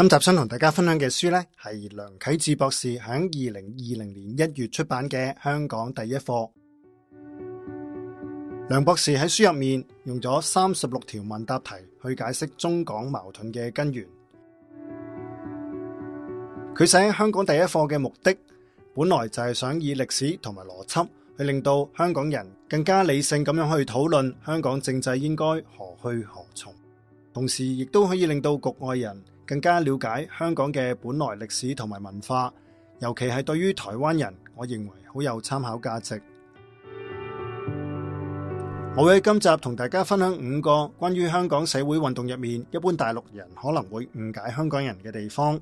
今集想同大家分享嘅書呢，係梁啟智博士喺二零二零年一月出版嘅《香港第一課》。梁博士喺書入面用咗三十六條問答題去解釋中港矛盾嘅根源。佢寫《香港第一課》嘅目的，本來就係想以歷史同埋邏輯去令到香港人更加理性咁樣去討論香港政制應該何去何從，同時亦都可以令到局外人，更加了解香港嘅本來歷史同埋文化，尤其係對於台灣人，我認為好有參考價值。 我會喺今集同大家分享五個關於香港社會運動入面，一般大陸人可能會誤解香港人嘅地方。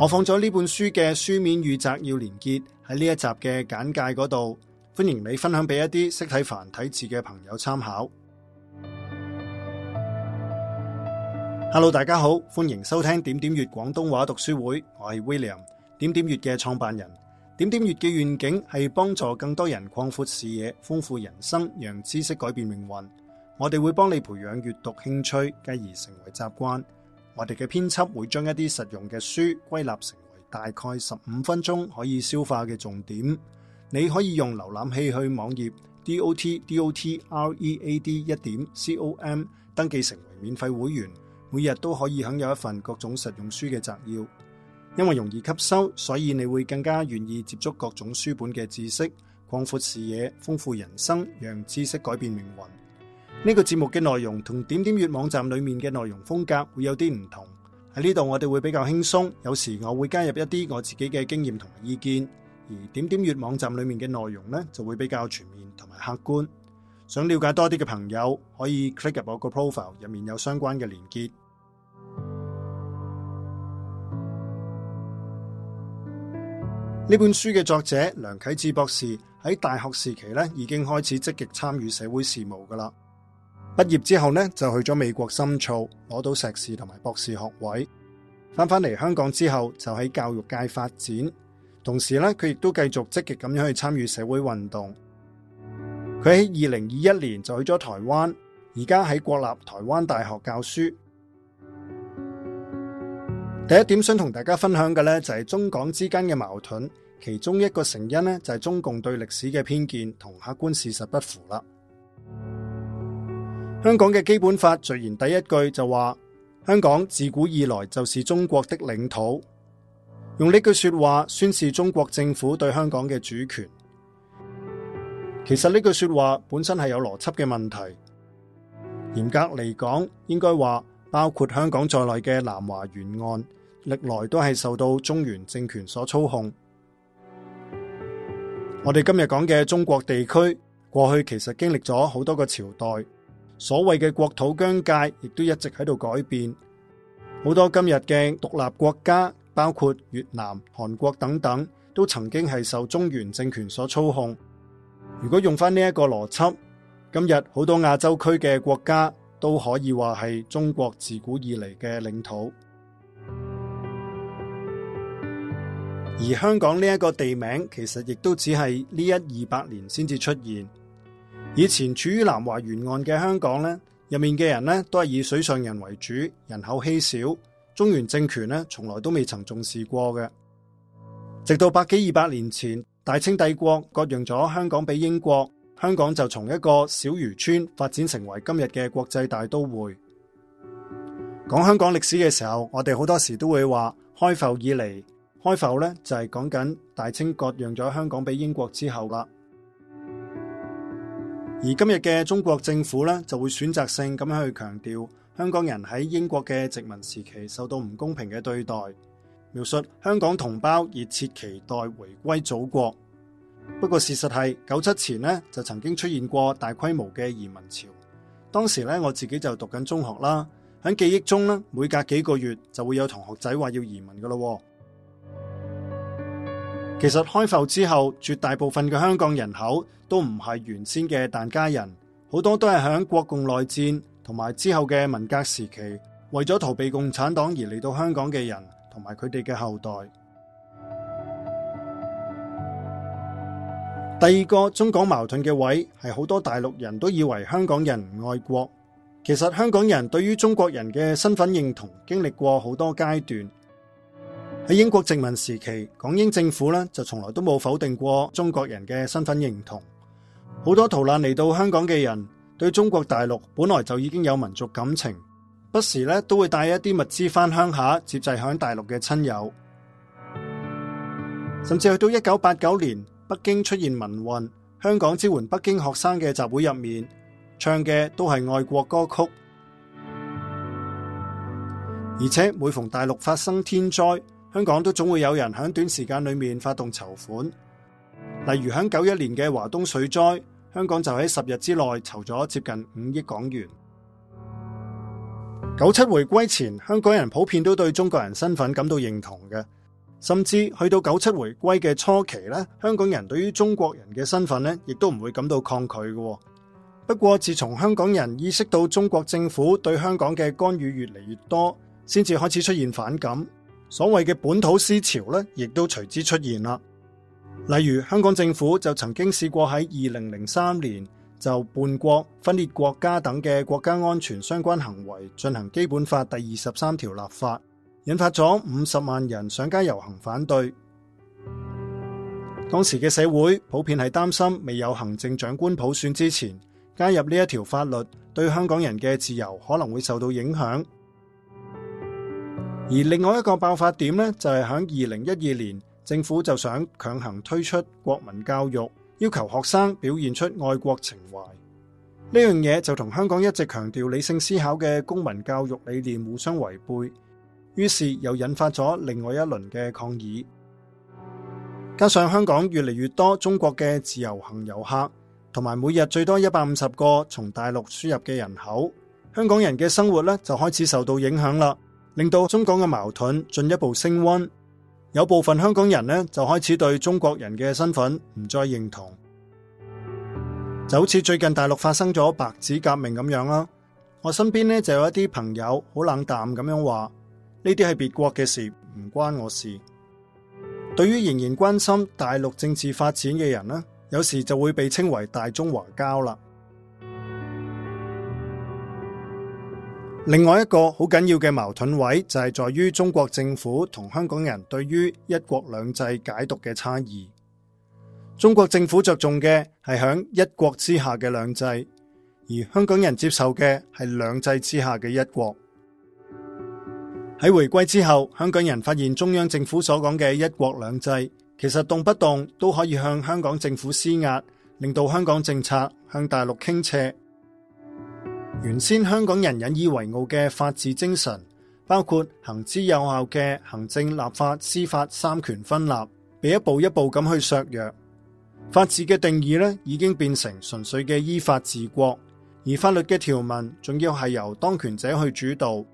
我放咗呢本書嘅書面預摘要連結喺呢一集嘅簡介嗰度，歡迎你分享俾一啲識睇繁體字嘅朋友參考。hello，大家好，歡迎收聽點點粵廣東話讀書會。我係 William，點點閱嘅創辦人。點點閱嘅願景係幫助更多人擴闊視野、豐富人生，讓知識改變命運。我哋會幫你培養閱讀，讀興趣，繼而成為習慣。我哋嘅編輯會將一啲實用嘅書歸納成為大概十五分鐘可以消化嘅重點。你可以用瀏覽器去網頁 dot dot read 一點 com 登記成為免費會員。每日都可以享有一份各種實用書嘅摘要，因為容易吸收，所以你會更加願意接觸各種書本嘅知識，擴闊視野，豐富人生，讓知識改變命運。呢個節目嘅內容同點點閱網站裡面嘅內容風格會有啲唔同，喺呢度我哋會比較輕鬆，有時我會加入一啲我自己嘅經驗同埋意見，而點點閱網站裡面嘅內容呢就會比較全面同埋客觀。想了解多啲嘅朋友，可以 click 入我個 profile，入面有相關嘅連結。呢 本書嘅作者梁啟智博士喺大學時期咧已經開始積極參與社會事務噶啦。畢業之後咧就去咗美國深造，攞到碩士同埋博士學位。翻返嚟香港之後就喺教育界發展，同時咧佢亦都繼續積極咁樣去參與社會運動。佢喺二零二一年就去咗台灣，而家喺國立台灣大學教書。第一點想同大家分享嘅呢，就係中港之間嘅矛盾，其中一個成因呢，就係中共對歷史嘅偏見同客觀事實不符啦。香港嘅基本法序言第一句就話香港自古以來就是中國的領土，用呢句說話宣示中國政府對香港嘅主權。其實呢句說話本身係有邏輯嘅問題。嚴格嚟講，應該話包括香港在內嘅南華沿岸，歷來都係受到中原政權所操控。我哋今日講嘅中國地區，過去其實經歷咗好多個朝代，所謂嘅國土疆界，亦都一直喺度改變。好多今日嘅獨立國家，包括越南、韓國等等，都曾經係受中原政權所操控。如果用翻呢一個邏輯，今日好多亞洲區嘅國家都可以話係中國自古以來嘅領土，而香港呢一個地名其實亦都只係呢一二百年先至出現。以前處於南華沿岸嘅香港呢，入面嘅人呢都係以水上人為主，人口稀少，中原政權呢從來都未曾重視過嘅，直到百幾二百年前。大清帝國割讓咗香港俾英國，香港就從一個小漁村發展成為今日嘅國際大都會。講香港歷史嘅時候，我哋好多時都會話開埠以嚟，開埠呢就係講緊大清割讓咗香港俾英國之後啦。而今日嘅中國政府呢，就會選擇性咁樣去強調香港人喺英國嘅殖民時期受到唔公平嘅對待。描述香港同胞熱切期待回歸祖國。不過事實係九七前呢就曾經出現過大規模嘅移民潮。當時咧我自己就讀緊中，中學啦，喺記憶中呢，每隔幾個月就會有同學仔話要移民㗎咯。其實開埠之後，絕大部分嘅香港人口都唔係原先嘅疍家人，好多都係響國共內戰同埋之後嘅文革時期為咗逃避共產黨而嚟到香港嘅人，同埋佢哋嘅後代。第二個中港矛盾嘅位係好多大陸人都以為香港人唔愛國，其實香港人對於中國人嘅身份認同經歷過好多階段。喺英國殖民時期，港英政府呢就從來都冇否定過中國人嘅身份認同。好多逃難嚟到香港嘅人，對中國大陸本來就已經有民族感情。有時咧都會帶一啲物資翻鄉下接濟響大陸嘅親友，甚至去到一九八九年北京出現民運，香港支援北京學生嘅集會入面，唱嘅都係愛國歌曲。而且每逢大陸發生天災，香港都總會有人響短時間裏面發動籌款。例如響九一年嘅華東水災，香港就喺十日之內籌咗接近五億港元。九七回歸前，香港人普遍都對中國人身份感到認同嘅，甚至去到九七回歸嘅初期咧，香港人對於中國人嘅身份咧，亦都唔會感到抗拒嘅。不過自從香港人意識到中國政府對香港嘅干預越嚟越多，先至開始出現反感，所謂嘅本土思潮咧，亦都隨之出現啦。例如，香港政府就曾經試過喺二零零三年。就叛國、分裂國家等嘅國家安全相關行為進行基本法第二十三條立法，引發咗五十萬人上街遊行反對。當時嘅社會普遍係擔心未有行政長官普選之前，加入呢一條法律，對香港人嘅自由可能會受到影響。而另外一個爆發點呢，就係響二零一二年，政府就想強行推出國民教育。要求學生表現出愛國情懷，呢樣嘢就同香港一直強調理性思考嘅公民教育理念互相違背，於是又引發咗另外一輪嘅抗議。加上香港越嚟越多中國嘅自由行遊客，同埋每日最多一百五十個從大陸輸入嘅人口，香港人嘅生活咧就開始受到影響啦，令到中港嘅矛盾進一步升溫。有部分香港人咧就開始對中國人嘅身份唔再認同，就好似最近大陸發生咗白紙革命咁樣啦。我身邊咧就有一啲朋友好冷淡咁樣話：呢啲係別國嘅事，唔關我事。對於仍然關心大陸政治發展嘅人呢，有時就會被稱為大中華膠啦。另外一個好緊要嘅矛盾位就係在於中國政府同香港人對於一國兩制解讀嘅差異。中國政府着重嘅係響一國之下嘅兩制，而香港人接受嘅係兩制之下嘅一國。喺回歸之後，香港人發現中央政府所講嘅一國兩制，其實動不動都可以向香港政府施壓，令到香港政策向大陸傾斜。原先香港人引以為傲嘅法治精神，包括行之有效嘅行政、立法、司法三權分立，被一步一步咁去削弱。法治嘅定義咧，已經變成純粹嘅依法治國，而法律嘅條文，仲要係由當權者去主導。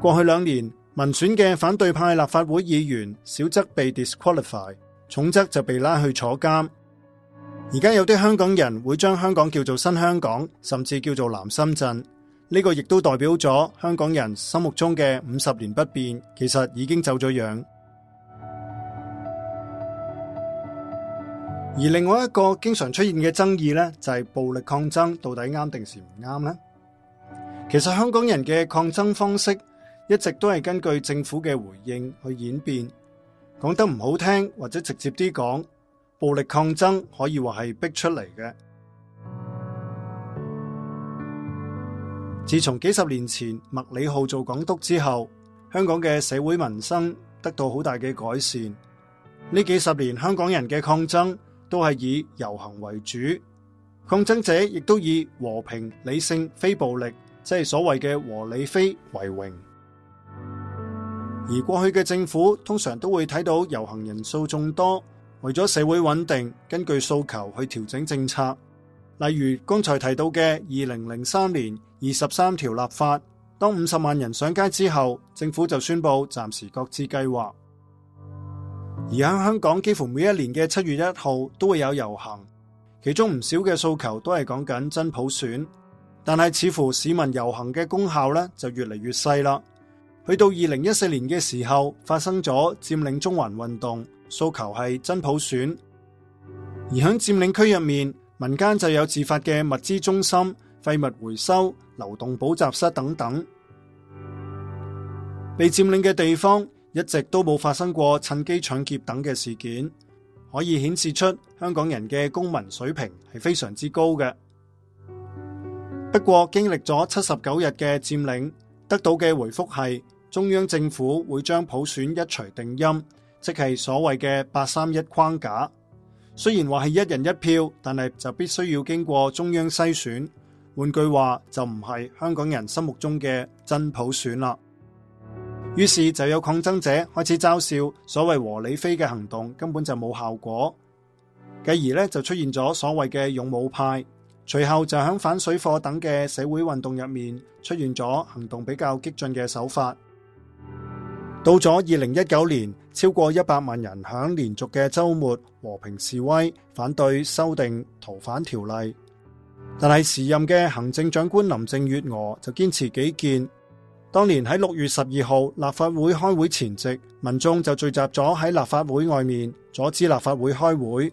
過去兩年，民選嘅反對派立法會議員，小則被 disqualify，重則就被拉去坐監。而家有啲香港人會將香港叫做新香港，甚至叫做南深圳，呢個亦都代表咗香港人心目中嘅五十年不變，其實已經走咗樣。而另外一個經常出現嘅爭議呢，就係暴力抗爭到底啱定是唔啱呢？其實香港人嘅抗爭方式一直都係根據政府嘅回應去演變，講得唔好聽或者直接啲講。暴力抗爭可以話係逼出嚟嘅。自從幾十年前麥理浩做港督之後，香港嘅社會民生得到好大嘅改善。呢幾十年香港人嘅抗爭都係以遊行為主，抗爭者亦都以和平、理性、非暴力，即係所謂嘅和理非為榮。而過去嘅政府通常都會睇到遊行人數眾多。為咗社會穩定，根據訴求去調整政策，例如剛才提到嘅二零零三年二十三條立法，當五十萬人上街之後，政府就宣布暫時擱置計劃。而喺香港，幾乎每一年嘅七月一號都會有遊行，其中唔少嘅訴求都係講緊真普選，但係似乎市民遊行嘅功效呢就越嚟越細啦。去到二零一四年嘅時候，發生咗佔領中環運動。訴求係真普選，而喺佔領區入面，民間就有自發嘅物資中心、廢物回收、流動補習室等等。被佔領嘅地方一直都冇發生過趁機搶劫等嘅事件，可以顯示出香港人嘅公民水平係非常之高嘅。不過經歷咗七十九日嘅佔領，得到嘅回覆係中央政府會將普選一錘定音。即係所謂嘅八三一框架，雖然話係一人一票，但係就必須要經過中央篩選。換句話，就唔係香港人心目中嘅真普選啦。於是就有抗爭者開始嘲笑所謂和理非嘅行動根本就冇效果，繼而咧就出現咗所謂嘅勇武派，隨後就喺反水貨等嘅社會運動入面出現咗行動比較激進嘅手法。到咗二零一九年，超過一百萬人喺連續嘅周末和平示威反對修訂逃犯條例，但係時任嘅行政長官林鄭月娥就堅持己見。當年喺六月十二號立法會開會前夕，民眾就聚集咗喺立法會外面，阻止立法會開會，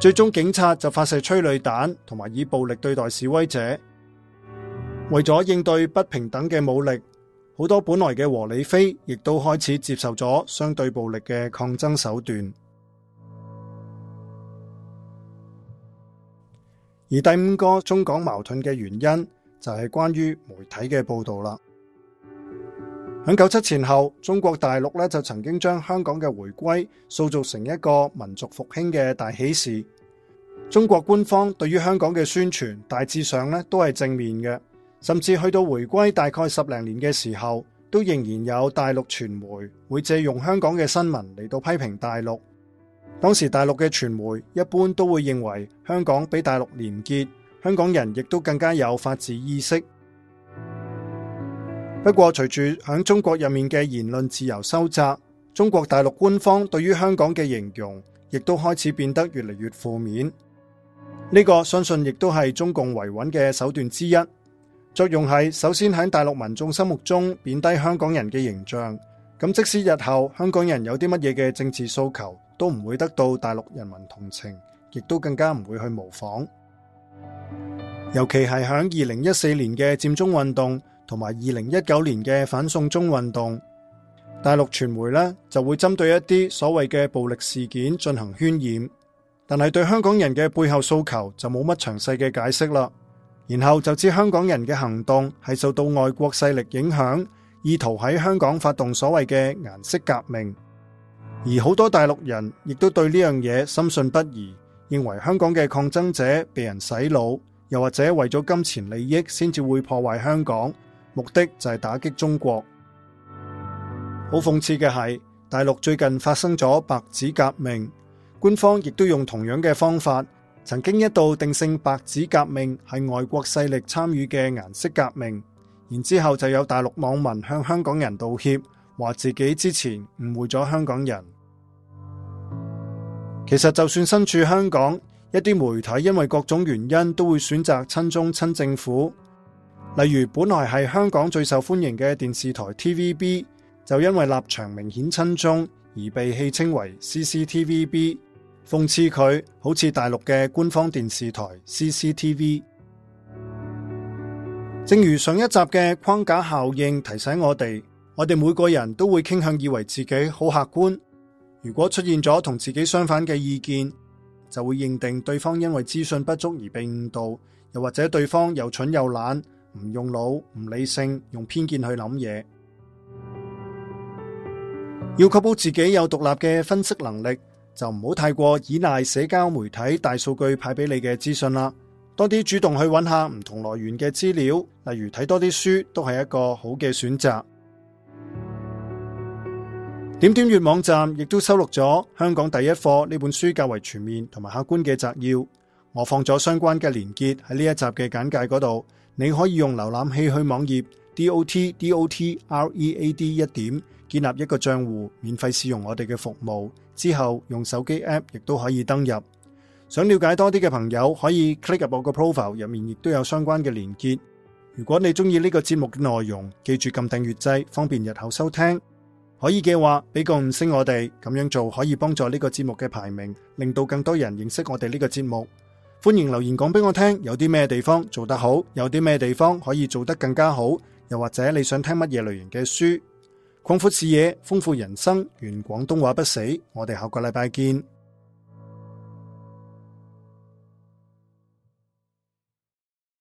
最終警察就發射催淚彈同埋以暴力對待示威者，為咗應對不平等嘅武力。好多本來嘅和理非，亦都開始接受咗相對暴力嘅抗爭手段。而第五個中港矛盾嘅原因，就係關於媒體嘅報導啦。喺九七前後，中國大陸咧就曾經將香港嘅回歸塑造成一個民族復興嘅大喜事。中國官方對於香港嘅宣傳，大致上咧都係正面嘅。甚至去到回歸大概十零年嘅時候，都仍然有大陸傳媒會借用香港嘅新聞嚟到批評大陸。當時大陸嘅傳媒一般都會認為香港比大陸廉潔，香港人亦都更加有法治意識。不過，隨住響中國入面嘅言論自由收窄，中國大陸官方對於香港嘅形容亦都開始變得越嚟越負面。呢個相信亦都係中共維穩嘅手段之一。作用係首先喺大陸民眾心目中貶低香港人嘅形象，咁即使日後香港人有啲乜嘢嘅政治訴求，都唔會得到大陸人民同情，亦都更加唔會去模仿。尤其係喺二零一四年嘅佔中運動同埋二零一九年嘅反送中運動，大陸傳媒呢就會針對一啲所謂嘅暴力事件進行渲染，但係對香港人嘅背後訴求就冇乜詳細嘅解釋啦。然後就知香港人嘅行動係受到外國勢力影響，意圖喺香港發動所謂嘅顏色革命，而好多大陸人亦都對呢樣嘢深信不疑，認為香港嘅抗爭者被人洗腦，又或者為咗金錢利益先至會破壞香港，目的就係打擊中國。好諷刺嘅係，大陸最近發生咗白紙革命，官方亦都用同樣嘅方法。曾經一度定性白紙革命係外國勢力參與嘅顏色革命，然之後就有大陸網民向香港人道歉，話自己之前誤會咗香港人。其實就算身處香港，一啲媒體因為各種原因都會選擇親中親政府，例如本來係香港最受歡迎嘅電視台 TVB，就因為立場明顯親中而被戲稱為 CCTVB。諷刺佢好似大陸嘅官方電視台 CCTV，正如上一集嘅框架效應提醒我哋，我哋每個人都會傾向以為自己好客觀。如果出現咗同自己相反嘅意見，就會認定對方因為資訊不足而被誤導，又或者對方又蠢又懶，唔用腦、唔理性，用偏見去諗嘢。要確保自己有獨立嘅分析能力。就唔好太過依賴社交媒體大數據派俾你嘅資訊啦，多啲主動去揾下唔同來源嘅資料，例如睇多啲書都係一個好嘅選擇。點點閱網站亦都收錄咗《香港第一課》呢本書較為全面同埋客觀嘅摘要，我放咗相關嘅連結喺呢一集嘅簡介嗰度，你可以用瀏覽器去網頁 dot dot read 一點。建立一個賬戶，免費試用我哋嘅服務之後，用手機 app 亦都可以登入。想了解多啲嘅朋友，可以 click 入我個 profile，入面亦都有相關嘅連結。如果你中意呢個節目嘅內容，記住撳訂閱掣，方便日後收聽。可以嘅話，俾個五星我哋，咁樣做可以幫助呢個節目嘅排名，令到更多人認識我哋呢個節目。歡迎留言講俾我聽，有啲咩地方做得好，有啲咩地方可以做得更加好，又或者你想聽乜嘢類型嘅書。擴闊視野，豐富人生。願廣東話不死。我哋下個禮拜見。